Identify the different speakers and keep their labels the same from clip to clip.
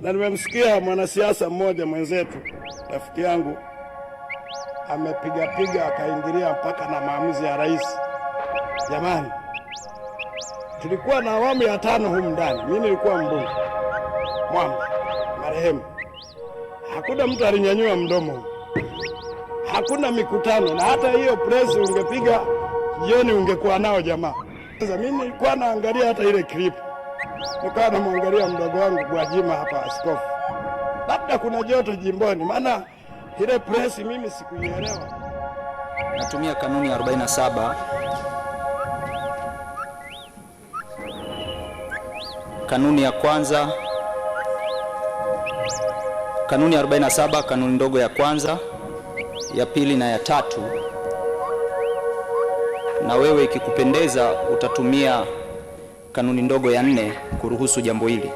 Speaker 1: na nimemsikia mwanasiasa mmoja mwenzetu, rafiki yangu, amepigapiga akaingilia mpaka na maamuzi ya rais. Jamani, tulikuwa na awamu ya tano humu ndani, mimi nilikuwa mbunge Mwamba marehemu, hakuna mtu alinyanyua mdomo, hakuna mikutano, na hata hiyo press ungepiga jioni ungekuwa nao jamaa. Sasa mimi nilikuwa naangalia hata ile clip nikawa namwangalia mdogo wangu Gwajima hapa, askofu, labda kuna joto jimboni, maana ile presi mimi sikuielewa.
Speaker 2: Natumia kanuni ya 47 kanuni ya kwanza, kanuni ya 47, kanuni ndogo ya kwanza, ya pili na ya tatu, na wewe ikikupendeza utatumia kanuni ndogo ya nne kuruhusu jambo hili.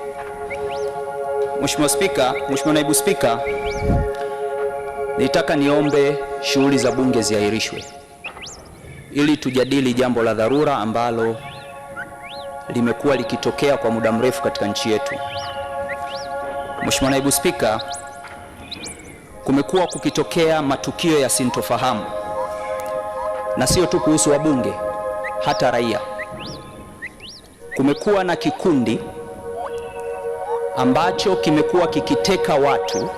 Speaker 2: Mheshimiwa Spika, Mheshimiwa Naibu Spika, nitaka niombe shughuli za bunge ziahirishwe ili tujadili jambo la dharura ambalo limekuwa likitokea kwa muda mrefu katika nchi yetu. Mheshimiwa Naibu Spika, kumekuwa kukitokea matukio ya sintofahamu na sio tu kuhusu wabunge, hata raia kumekuwa na kikundi ambacho kimekuwa kikiteka watu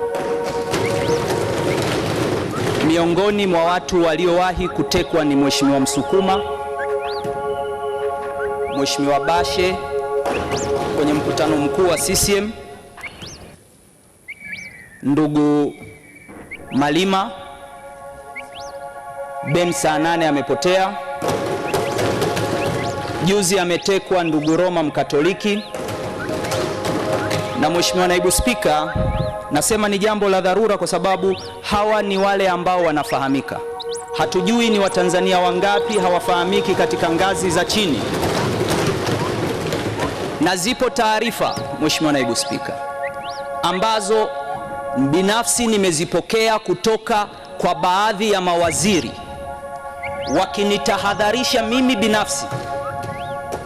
Speaker 2: miongoni mwa watu waliowahi kutekwa ni Mheshimiwa Msukuma, Mheshimiwa Bashe kwenye mkutano mkuu wa CCM, ndugu Malima Ben saa nane amepotea Juzi ametekwa ndugu Roma Mkatoliki, na Mheshimiwa Naibu Spika, nasema ni jambo la dharura kwa sababu hawa ni wale ambao wanafahamika. Hatujui ni Watanzania wangapi hawafahamiki katika ngazi za chini, na zipo taarifa Mheshimiwa Naibu Spika ambazo binafsi nimezipokea kutoka kwa baadhi ya mawaziri wakinitahadharisha mimi binafsi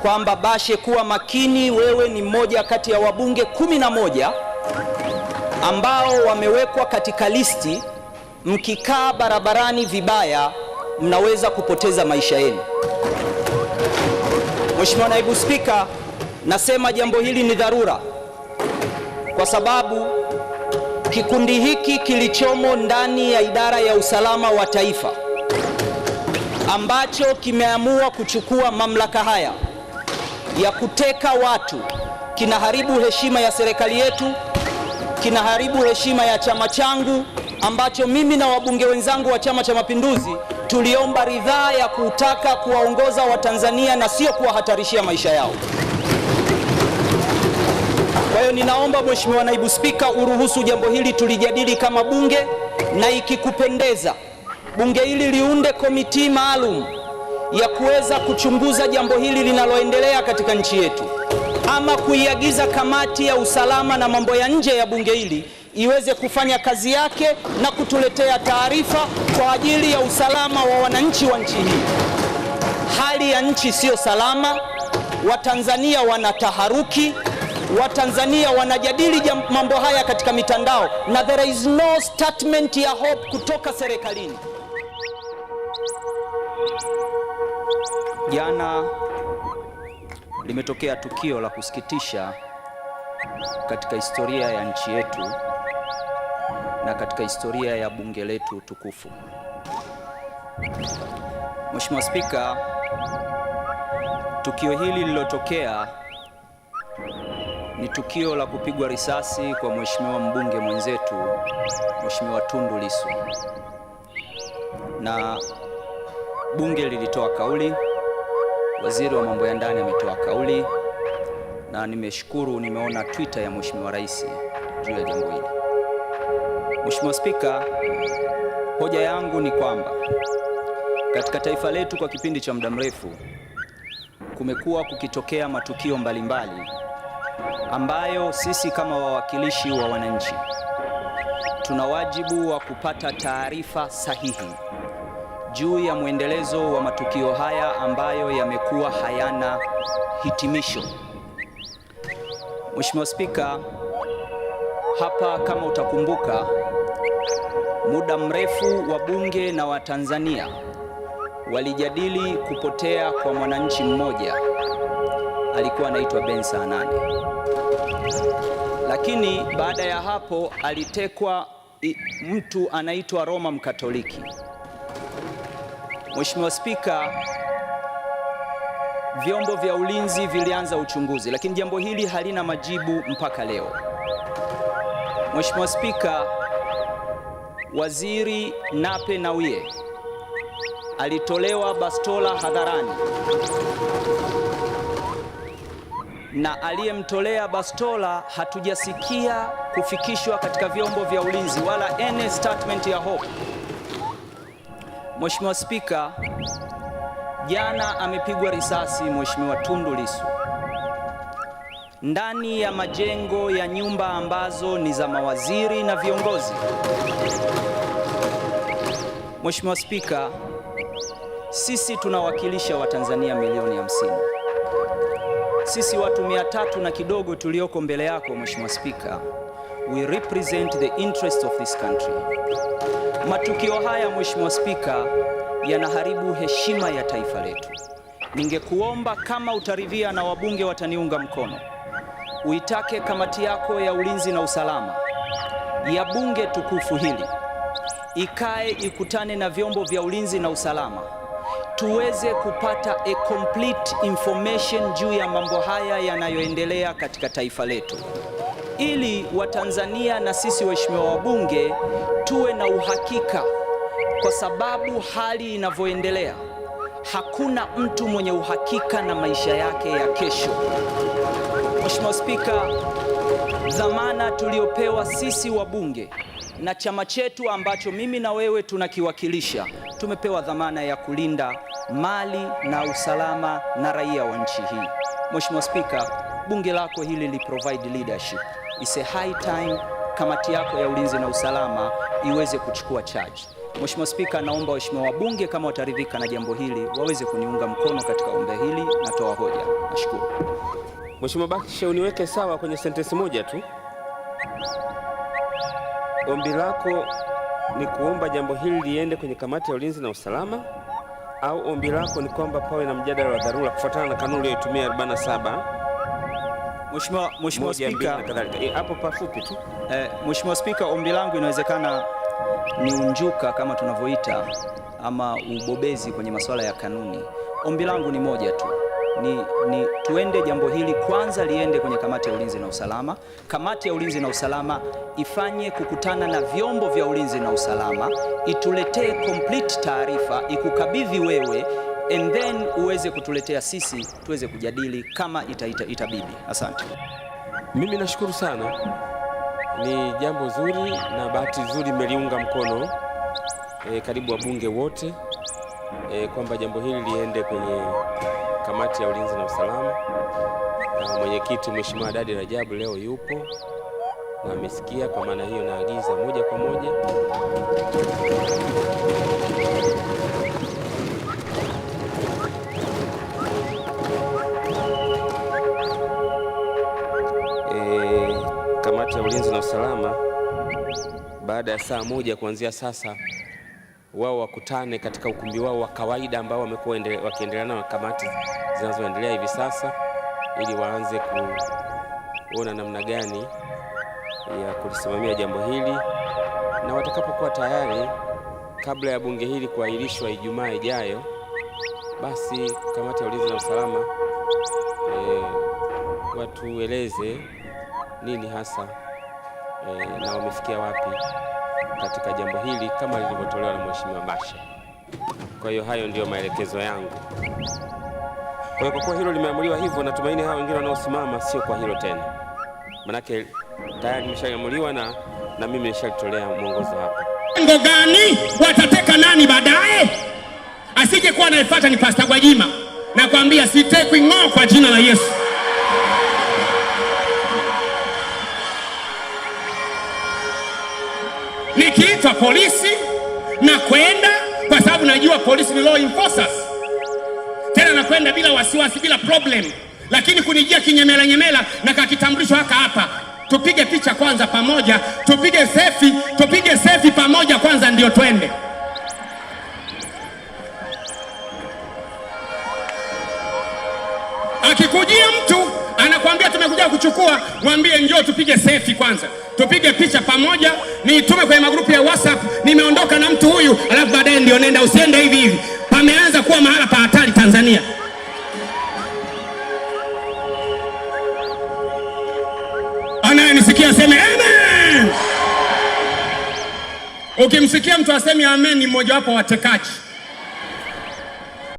Speaker 2: kwamba Bashe, kuwa makini, wewe ni mmoja kati ya wabunge kumi na moja ambao wamewekwa katika listi. Mkikaa barabarani vibaya, mnaweza kupoteza maisha yenu. Mheshimiwa Naibu Spika, nasema jambo hili ni dharura kwa sababu kikundi hiki kilichomo ndani ya idara ya usalama wa taifa ambacho kimeamua kuchukua mamlaka haya ya kuteka watu kinaharibu heshima ya serikali yetu, kinaharibu heshima ya chama changu ambacho mimi na wabunge wenzangu wa Chama cha Mapinduzi tuliomba ridhaa ya kutaka kuwaongoza Watanzania na sio kuwahatarishia maisha yao. Kwa hiyo ninaomba Mheshimiwa Naibu Spika, uruhusu jambo hili tulijadili kama bunge, na ikikupendeza bunge hili liunde komiti maalum ya kuweza kuchunguza jambo hili linaloendelea katika nchi yetu, ama kuiagiza kamati ya usalama na mambo ya nje ya bunge hili iweze kufanya kazi yake na kutuletea taarifa kwa ajili ya usalama wa wananchi wa nchi hii. Hali ya nchi siyo salama, Watanzania wana taharuki, Watanzania wanajadili mambo haya katika mitandao na there is no statement ya hope kutoka serikalini. Jana limetokea tukio la kusikitisha katika historia ya nchi yetu na katika historia ya bunge letu tukufu. Mheshimiwa Spika, tukio hili lililotokea ni tukio la kupigwa risasi kwa mheshimiwa mbunge mwenzetu Mheshimiwa Tundu Lissu, na bunge lilitoa kauli Waziri wa mambo ya ndani ametoa kauli na nimeshukuru, nimeona Twitter ya Mheshimiwa Rais juu ya jambo hili. Mheshimiwa Spika, hoja yangu ni kwamba katika taifa letu kwa kipindi cha muda mrefu kumekuwa kukitokea matukio mbalimbali mbali, ambayo sisi kama wawakilishi wa wananchi tuna wajibu wa kupata taarifa sahihi juu ya mwendelezo wa matukio haya ambayo yamekuwa hayana hitimisho. Mheshimiwa Spika, hapa kama utakumbuka, muda mrefu wa bunge na Watanzania walijadili kupotea kwa mwananchi mmoja alikuwa anaitwa Ben Saanane, lakini baada ya hapo alitekwa mtu anaitwa Roma Mkatoliki. Mheshimiwa Spika, vyombo vya ulinzi vilianza uchunguzi, lakini jambo hili halina majibu mpaka leo. Mheshimiwa Spika, Waziri Nape Nnauye alitolewa bastola hadharani na aliyemtolea bastola hatujasikia kufikishwa katika vyombo vya ulinzi wala any statement ya hope. Mheshimiwa Spika, jana amepigwa risasi Mheshimiwa Tundu Lissu ndani ya majengo ya nyumba ambazo ni za mawaziri na viongozi. Mheshimiwa Spika, sisi tunawakilisha Watanzania milioni hamsini. Sisi watu mia tatu na kidogo tulioko mbele yako Mheshimiwa Spika, we represent the interest of this country. Matukio haya Mheshimiwa Spika, yanaharibu heshima ya taifa letu. Ningekuomba kama utaridhia na wabunge wataniunga mkono, uitake kamati yako ya ulinzi na usalama ya bunge tukufu hili ikae ikutane na vyombo vya ulinzi na usalama tuweze kupata a complete information juu ya mambo haya yanayoendelea katika taifa letu ili Watanzania na sisi waheshimiwa wabunge tuwe na uhakika, kwa sababu hali inavyoendelea hakuna mtu mwenye uhakika na maisha yake ya kesho. Mheshimiwa Spika, dhamana tuliyopewa sisi wabunge na chama chetu ambacho mimi na wewe tunakiwakilisha, tumepewa dhamana ya kulinda mali na usalama na raia wa nchi hii. Mheshimiwa Spika, bunge lako hili li provide leadership. It's a high time kamati yako ya ulinzi na usalama iweze kuchukua charge. Mheshimiwa Spika, naomba waheshimiwa wabunge kama wataridhika na jambo hili waweze kuniunga mkono katika ombi hili. Natoa hoja. Nashukuru.
Speaker 3: Mheshimiwa Bakisha, uniweke sawa kwenye sentensi moja tu. Ombi lako ni kuomba jambo hili liende kwenye kamati ya ulinzi na usalama, au ombi lako ni kwamba pawe na mjadala wa dharura kufuatana na kanuni iliyotumia 47
Speaker 2: Mheshimiwa Mheshimiwa Spika, eh, hapo pafupi tu eh, Mheshimiwa Spika, ombi langu inawezekana ni unjuka kama tunavyoita ama ubobezi kwenye masuala ya kanuni. Ombi langu ni moja tu ni, ni tuende jambo hili kwanza liende kwenye kamati ya ulinzi na usalama. Kamati ya ulinzi na usalama ifanye kukutana na vyombo vya ulinzi na usalama, ituletee complete taarifa, ikukabidhi wewe and then uweze kutuletea sisi tuweze kujadili kama itaita, itabidi. Asante.
Speaker 3: Mimi nashukuru sana, ni jambo zuri na bahati nzuri mmeliunga mkono e, karibu wabunge wote e, kwamba jambo hili liende kwenye kamati ya ulinzi na usalama, na mwenyekiti Mheshimiwa Dadi Rajabu leo yupo na amesikia. Kwa maana hiyo naagiza moja kwa moja ulinzi na usalama, baada ya saa moja kuanzia sasa wao wakutane katika ukumbi wao wa kawaida ambao wamekuwa wakiendelea na kamati zinazoendelea hivi sasa, ili waanze kuona namna gani ya kulisimamia jambo hili, na watakapokuwa tayari, kabla ya bunge hili kuahirishwa Ijumaa ijayo, basi kamati ya ulinzi na usalama e, watueleze nini hasa e, na wamefikia wapi katika jambo hili kama lilivyotolewa na Mheshimiwa basha Kwa hiyo hayo ndiyo maelekezo yangu. Kwa hiyo kwa kuwa hilo limeamuliwa hivyo, natumaini hao wengine wanaosimama sio kwa hilo tena, manake tayari limeshaamuliwa na, na mimi nishalitolea mwongozo hapa.
Speaker 4: Lengo gani watateka nani baadaye, asije kuwa anayefuata ni Pasta Gwajima. Nakwambia sitekwi ng'oo kwa jina la Yesu. nikiitwa polisi na kwenda, kwa sababu najua polisi ni law enforcers, tena nakwenda bila wasiwasi, bila problem. Lakini kunijia kinyemela nyemela na kakitambulisho haka hapa, tupige picha kwanza pamoja, tupige selfie, tupige selfie pamoja kwanza, ndio twende. kuchukua mwambie njoo tupige selfie kwanza, tupige picha pamoja, niitume kwenye magrupu ya WhatsApp, nimeondoka na mtu huyu, alafu baadaye ndio nenda. Usiende hivi hivi, pameanza kuwa mahala pa hatari Tanzania. Anayenisikia aseme amen. Ukimsikia mtu asemi amen, ni mmojawapo watekaji.